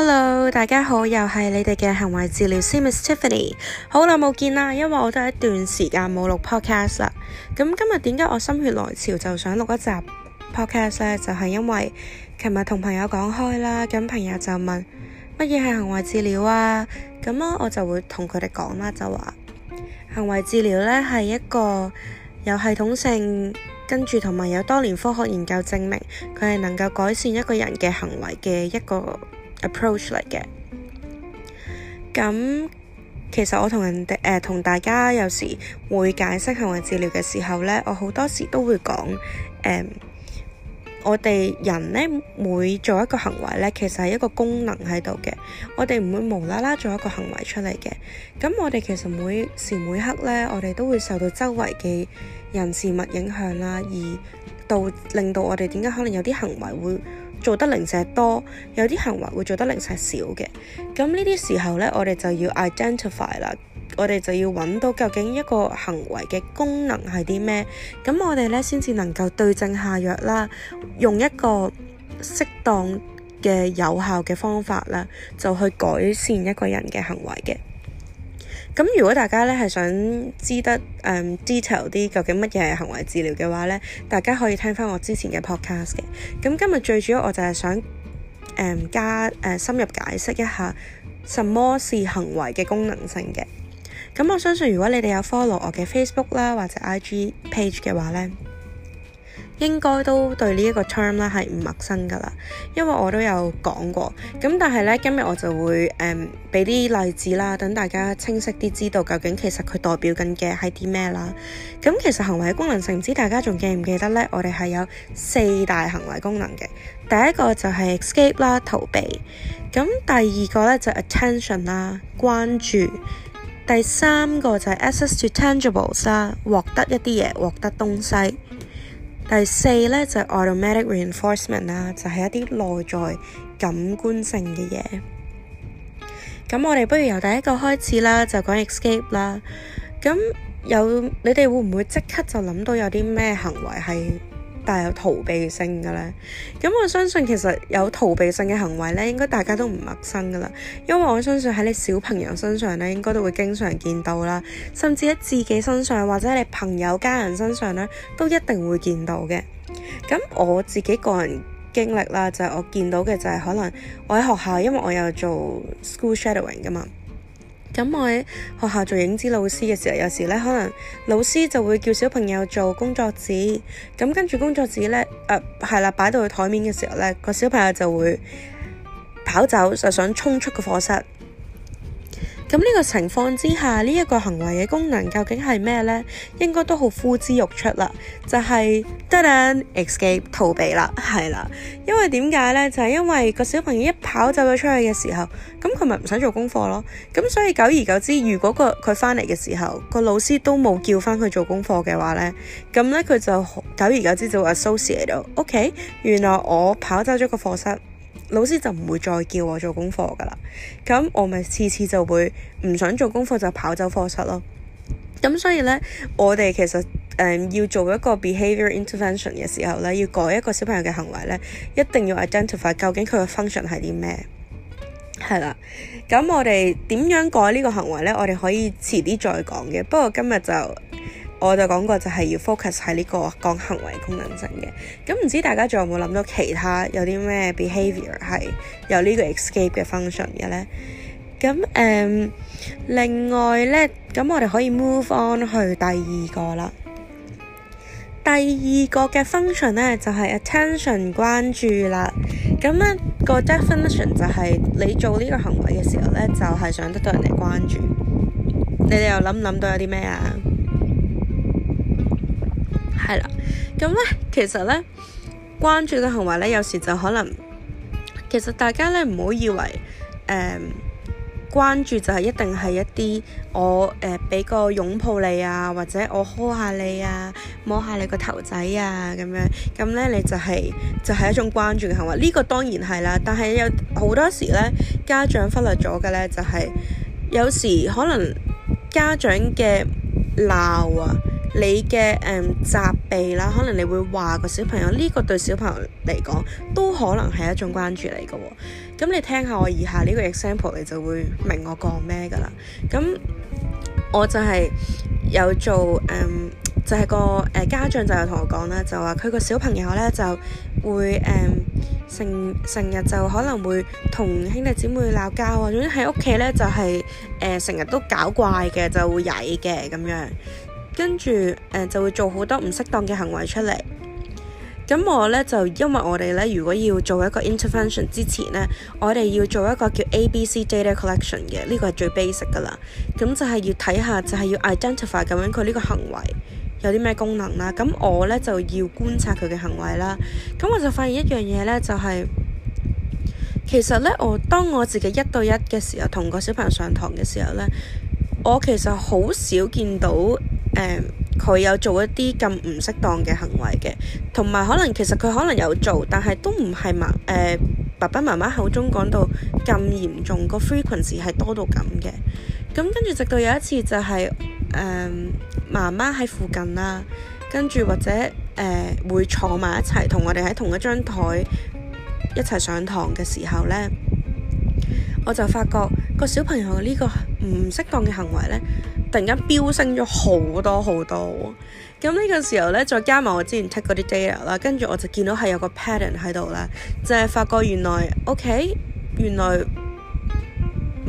Hello，大家好，又係你哋嘅行為治療師 Miss Tiffany 好耐冇見啦，因為我都有一段時間冇錄 podcast 啦。咁今日點解我心血來潮就想錄一集 podcast 咧？就係因為琴日同朋友講開啦，咁朋友就問乜嘢係行為治療啊？咁啊，我就會同佢哋講啦，就話行為治療咧係一個有系統性跟住同埋有多年科學研究證明佢係能夠改善一個人嘅行為嘅一個 approach 嚟嘅，咁其實我同人哋誒、呃、同大家有時會解釋行為治療嘅時候呢，我好多時都會講、呃、我哋人呢，每做一個行為呢，其實係一個功能喺度嘅，我哋唔會無啦啦做一個行為出嚟嘅。咁我哋其實每時每刻呢，我哋都會受到周圍嘅人事物影響啦，而到令到我哋點解可能有啲行為會。做得零舍多，有啲行為會做得零舍少嘅。咁呢啲時候咧，我哋就要 identify 啦，我哋就要揾到究竟一個行為嘅功能係啲咩。咁我哋咧先至能夠對症下藥啦，用一個適當嘅有效嘅方法啦，就去改善一個人嘅行為嘅。咁如果大家咧係想知得誒、um, detail 啲究竟乜嘢係行為治療嘅話咧，大家可以聽翻我之前嘅 podcast 嘅。咁今日最主要我就係想誒、um, 加誒、uh, 深入解釋一下什麼是行為嘅功能性嘅。咁、嗯、我相信如果你哋有 follow 我嘅 Facebook 啦或者 IG page 嘅話咧。應該都對呢一個 term 啦，係唔陌生㗎啦，因為我都有講過咁。但係呢，今日我就會誒俾啲例子啦，等大家清晰啲知道究竟其實佢代表緊嘅係啲咩啦。咁其實行為功能性，唔知大家仲記唔記得呢？我哋係有四大行為功能嘅。第一個就係 escape 啦，逃避；咁第二個呢，就 attention 啦，關注；第三個就係 access to tangibles 啦，獲得一啲嘢，獲得東西。第四呢，就係 automatic reinforcement 啦，就係一啲內在感官性嘅嘢。咁我哋不如由第一個開始啦，就講 escape 啦。咁有你哋會唔會即刻就諗到有啲咩行為係？但有逃避性嘅咧，咁我相信其實有逃避性嘅行為咧，應該大家都唔陌生噶啦。因為我相信喺你小朋友身上咧，應該都會經常見到啦，甚至喺自己身上或者喺你朋友家人身上咧，都一定會見到嘅。咁我自己個人經歷啦，就係、是、我見到嘅就係可能我喺學校，因為我有做 school shadowing 噶嘛。咁我喺學校做影子老師嘅時候，有時咧可能老師就會叫小朋友做工作紙，咁跟住工作紙咧，誒係啦，擺到去台面嘅時候咧，個小朋友就會跑走，就想衝出個課室。咁呢個情況之下，呢、這、一個行為嘅功能究竟係咩呢？應該都好呼之欲出啦，就係得啦，escape 逃避啦，係啦。因為點解呢？就係、是、因為個小朋友一跑走咗出去嘅時候，咁佢咪唔使做功課咯。咁所以久而久之，如果個佢返嚟嘅時候，個老師都冇叫返佢做功課嘅話呢，咁呢，佢就久而久之就會 associate 到。OK，原來我跑走咗個課室。老師就唔會再叫我做功課噶啦，咁我咪次次就會唔想做功課就跑走課室咯。咁所以呢，我哋其實誒、嗯、要做一個 behavior intervention 嘅時候呢，要改一個小朋友嘅行為呢，一定要 identify 究竟佢嘅 function 係啲咩？係啦，咁我哋點樣改呢個行為呢？我哋可以遲啲再講嘅，不過今日就。我就講過就、這個，就係要 focus 喺呢個講行為功能性嘅。咁唔知大家仲有冇諗到其他有啲咩 behavior 係？有呢個 escape 嘅 function 嘅呢？咁誒、嗯，另外呢，咁我哋可以 move on 去第二個啦。第二個嘅 function 呢，就係、是、attention 關注啦。咁、那、呢個 definition 就係你做呢個行為嘅時候呢，就係、是、想得到人哋關注。你哋又諗唔諗到有啲咩啊？係啦，咁咧，其實咧，關注嘅行為咧，有時就可能，其實大家咧唔好以為，誒、呃，關注就係一定係一啲我誒俾，呃、個擁抱你啊，或者我呵下你啊，摸下你個頭仔啊，咁樣，咁咧你就係、是、就係、是、一種關注嘅行為。呢、這個當然係啦，但係有好多時咧，家長忽略咗嘅咧就係、是，有時可能家長嘅鬧啊。你嘅誒、嗯、責備啦，可能你會話個小朋友呢、這個對小朋友嚟講都可能係一種關注嚟嘅喎。咁你聽下我以下呢個 example，你就會明我講咩噶啦。咁我就係有做誒、嗯，就係、是、個誒、呃、家長就有同我講啦，就話佢個小朋友咧就會誒、嗯、成成日就可能會同兄弟姊妹鬧交啊，總之喺屋企咧就係、是、誒、呃、成日都搞怪嘅，就會曳嘅咁樣。跟住，誒、呃、就會做好多唔適當嘅行為出嚟。咁我呢，就因為我哋呢，如果要做一個 intervention 之前呢，我哋要做一個叫 A B C data collection 嘅呢、呢個係最 basic 噶啦。咁就係要睇下，就係、是、要 identify 咁樣佢呢個行為有啲咩功能啦。咁我呢，就要觀察佢嘅行為啦。咁我就發現一樣嘢呢，就係、是、其實呢，我當我自己一對一嘅時候，同個小朋友上堂嘅時候呢，我其實好少見到。佢、嗯、有做一啲咁唔適當嘅行為嘅，同埋可能其實佢可能有做，但係都唔係麻誒，爸爸媽媽口中講到咁嚴重，個 frequency 係多到咁嘅。咁跟住直到有一次就係、是、誒、嗯、媽媽喺附近啦、啊，跟住或者誒、呃、會坐埋一齊，同我哋喺同一張台一齊上堂嘅時候呢，我就發覺，個小朋友呢個唔適當嘅行為呢，突然間飆升咗好多好多，咁呢個時候呢，再加埋我之前 take 啲 data 啦，跟住我就見到係有個 pattern 喺度啦，就係發覺原來，OK，原來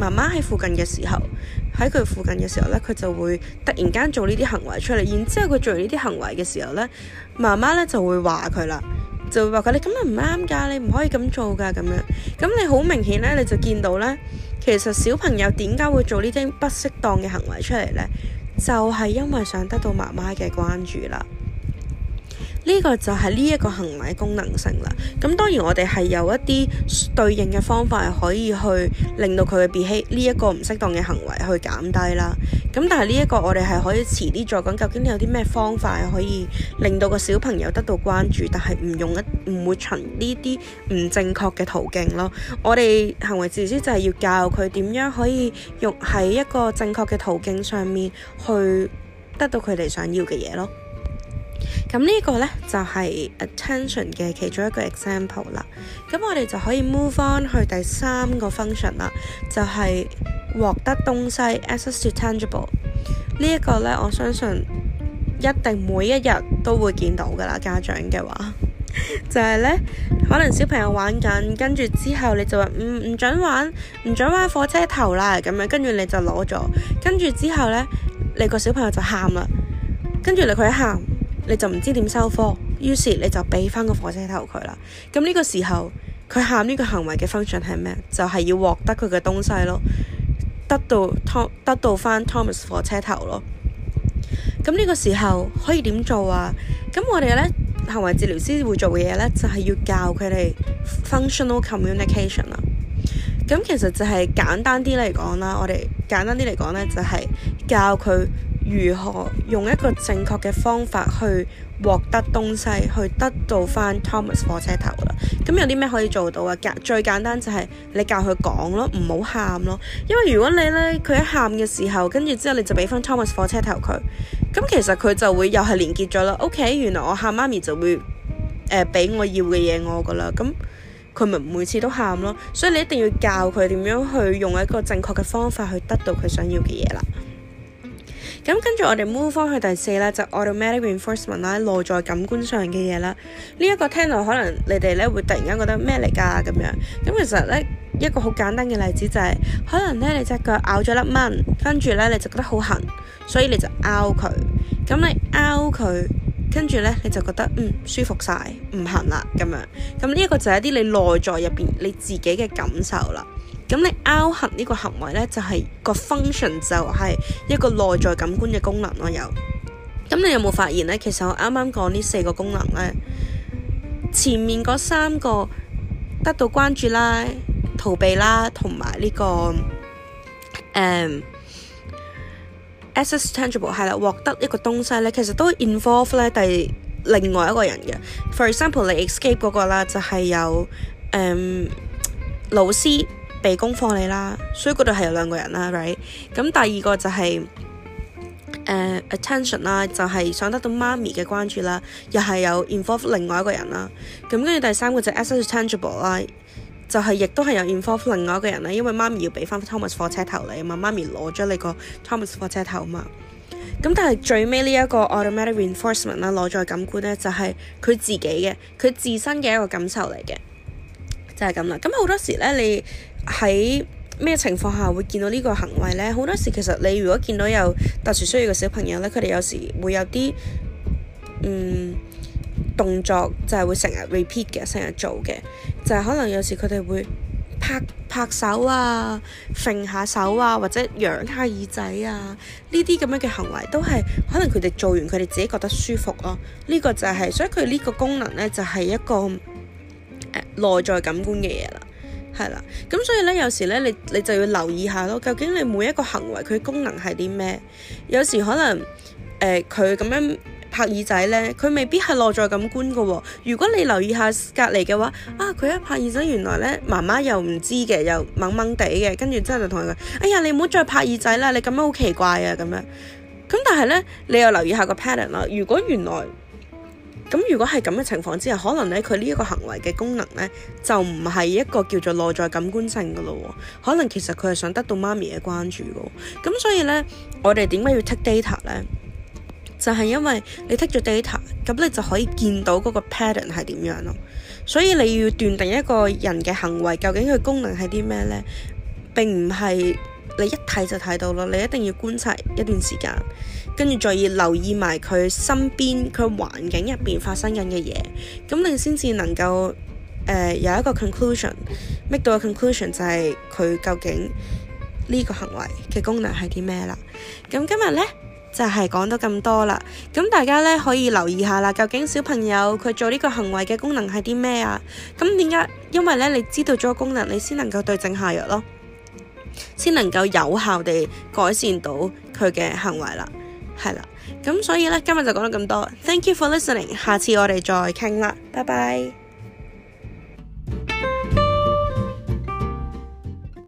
媽媽喺附近嘅時候，喺佢附近嘅時候呢，佢就會突然間做呢啲行為出嚟，然之後佢做呢啲行為嘅時候呢，媽媽呢就會話佢啦，就會話佢你咁樣唔啱㗎，你唔可以咁做㗎咁樣，咁你好明顯呢，你就見到呢。其實小朋友點解會做呢啲不適當嘅行為出嚟咧？就係因為想得到媽媽嘅關注啦。呢個就係呢一個行為嘅功能性啦。咁當然我哋係有一啲對應嘅方法係可以去令到佢嘅別欺呢一個唔適當嘅行為去減低啦。咁但係呢一個我哋係可以遲啲再講，究竟有啲咩方法係可以令到個小朋友得到關注，但係唔用一唔會循呢啲唔正確嘅途徑咯。我哋行為自私，就係要教佢點樣可以用喺一個正確嘅途徑上面去得到佢哋想要嘅嘢咯。咁呢個呢，就係 attention 嘅其中一個 example 啦。咁我哋就可以 move on 去第三個 function 啦，就係獲得東西 access to tangible 呢一個呢，我相信一定每一日都會見到噶啦。家長嘅話 就係呢，可能小朋友玩緊，跟住之後你就話唔唔准玩，唔准玩火車頭啦，咁樣跟住你就攞咗，跟住之後呢，你個小朋友就喊啦，跟住咧佢一喊。你就唔知點收科，於是你就畀翻個火車頭佢啦。咁呢個時候佢喊呢個行為嘅 function 係咩？就係要獲得佢嘅東西咯，得到 Tom 得到翻 Thomas 火車頭咯。咁呢個時候可以點做啊？咁我哋呢，行為治療師會做嘅嘢呢，就係要教佢哋 functional communication 啦。咁其實就係簡單啲嚟講啦，我哋簡單啲嚟講呢，就係教佢。如何用一個正確嘅方法去獲得東西，去得到翻 Thomas 火車頭啦。咁有啲咩可以做到啊？簡最簡單就係你教佢講咯，唔好喊咯。因為如果你咧佢一喊嘅時候，跟住之後你就俾翻 Thomas 火車頭佢，咁其實佢就會又係連結咗啦。OK，原來我喊媽咪就會誒俾、呃、我要嘅嘢我噶啦，咁佢咪每次都喊咯。所以你一定要教佢點樣去用一個正確嘅方法去得到佢想要嘅嘢啦。咁跟住我哋 move 翻去第四啦，就係 automatic reinforcement 啦，內在感官上嘅嘢啦。呢一個聽落可能你哋咧會突然間覺得咩嚟㗎咁樣。咁其實咧一個好簡單嘅例子就係，可能咧你隻腳咬咗粒蚊，跟住咧你就覺得好痕，所以你就咬佢。咁你咬佢，跟住咧你就覺得嗯，舒服晒，唔痕啦咁樣。咁呢一個就係一啲你內在入邊你自己嘅感受啦。咁你凹痕呢個行為呢，就係、是、個 function 就係一個內在感官嘅功能咯。有咁你有冇發現呢？其實我啱啱講呢四個功能呢，前面嗰三個得到關注啦、逃避啦，同埋呢個誒、嗯、access tangible 係啦，獲得一個東西呢，其實都 involve 咧第另外一個人嘅。For example，你、like、escape 嗰個啦，就係、是、有誒、嗯、老師。被功課你啦，所以嗰度係有兩個人啦，right？咁第二個就係、是、誒、uh, attention 啦，就係想得到媽咪嘅關注啦，又係有 involve 另外一個人啦。咁跟住第三個就 tangible 啦，就係亦都係有 involve 另外一個人咧，因為媽咪要俾翻 Thomas 火車頭你嘛，媽咪攞咗你個 Thomas 火車頭嘛。咁但係最尾呢一個 automatic reinforcement 啦，攞咗感官咧就係、是、佢自己嘅，佢自身嘅一個感受嚟嘅，就係咁啦。咁好多時咧你，喺咩情況下會見到呢個行為呢？好多時其實你如果見到有特殊需要嘅小朋友呢，佢哋有時會有啲嗯動作就係會成日 repeat 嘅，成日做嘅，就係、是、可能有時佢哋會拍拍手啊、揈下手啊，或者揚下耳仔啊，呢啲咁樣嘅行為都係可能佢哋做完佢哋自己覺得舒服咯。呢、這個就係、是、所以佢呢個功能呢，就係、是、一個誒、呃、內在感官嘅嘢啦。係啦，咁所以咧，有時咧，你你就要留意下咯，究竟你每一個行為佢功能係啲咩？有時可能誒，佢、呃、咁樣拍耳仔咧，佢未必係落在感官噶、哦。如果你留意下隔籬嘅話，啊，佢一拍耳仔，原來咧媽媽又唔知嘅，又掹掹地嘅，跟住之後就同佢講，哎呀，你唔好再拍耳仔啦，你咁樣好奇怪啊，咁樣。咁但係咧，你又留意下個 pattern 啦。如果原來，咁如果係咁嘅情況之下，可能咧佢呢一個行為嘅功能咧，就唔係一個叫做內在感官性噶咯。可能其實佢係想得到媽咪嘅關注喎。咁所以咧，我哋點解要 take data 咧？就係因為你 take 咗 data，咁你就可以見到嗰個 pattern 係點樣咯。所以你要斷定一個人嘅行為究竟佢功能係啲咩咧？並唔係你一睇就睇到咯，你一定要觀察一段時間。跟住再要留意埋佢身邊佢環境入邊發生緊嘅嘢，咁你先至能夠誒、呃、有一個 conclusion make 到個 conclusion 就係佢究竟呢個行為嘅功能係啲咩啦。咁今日呢，就係、是、講到咁多啦。咁大家呢，可以留意下啦，究竟小朋友佢做呢個行為嘅功能係啲咩啊？咁點解？因為呢，你知道咗功能，你先能夠對症下藥咯，先能夠有效地改善到佢嘅行為啦。係啦，咁所以咧，今日就講到咁多。Thank you for listening。下次我哋再傾啦，拜拜。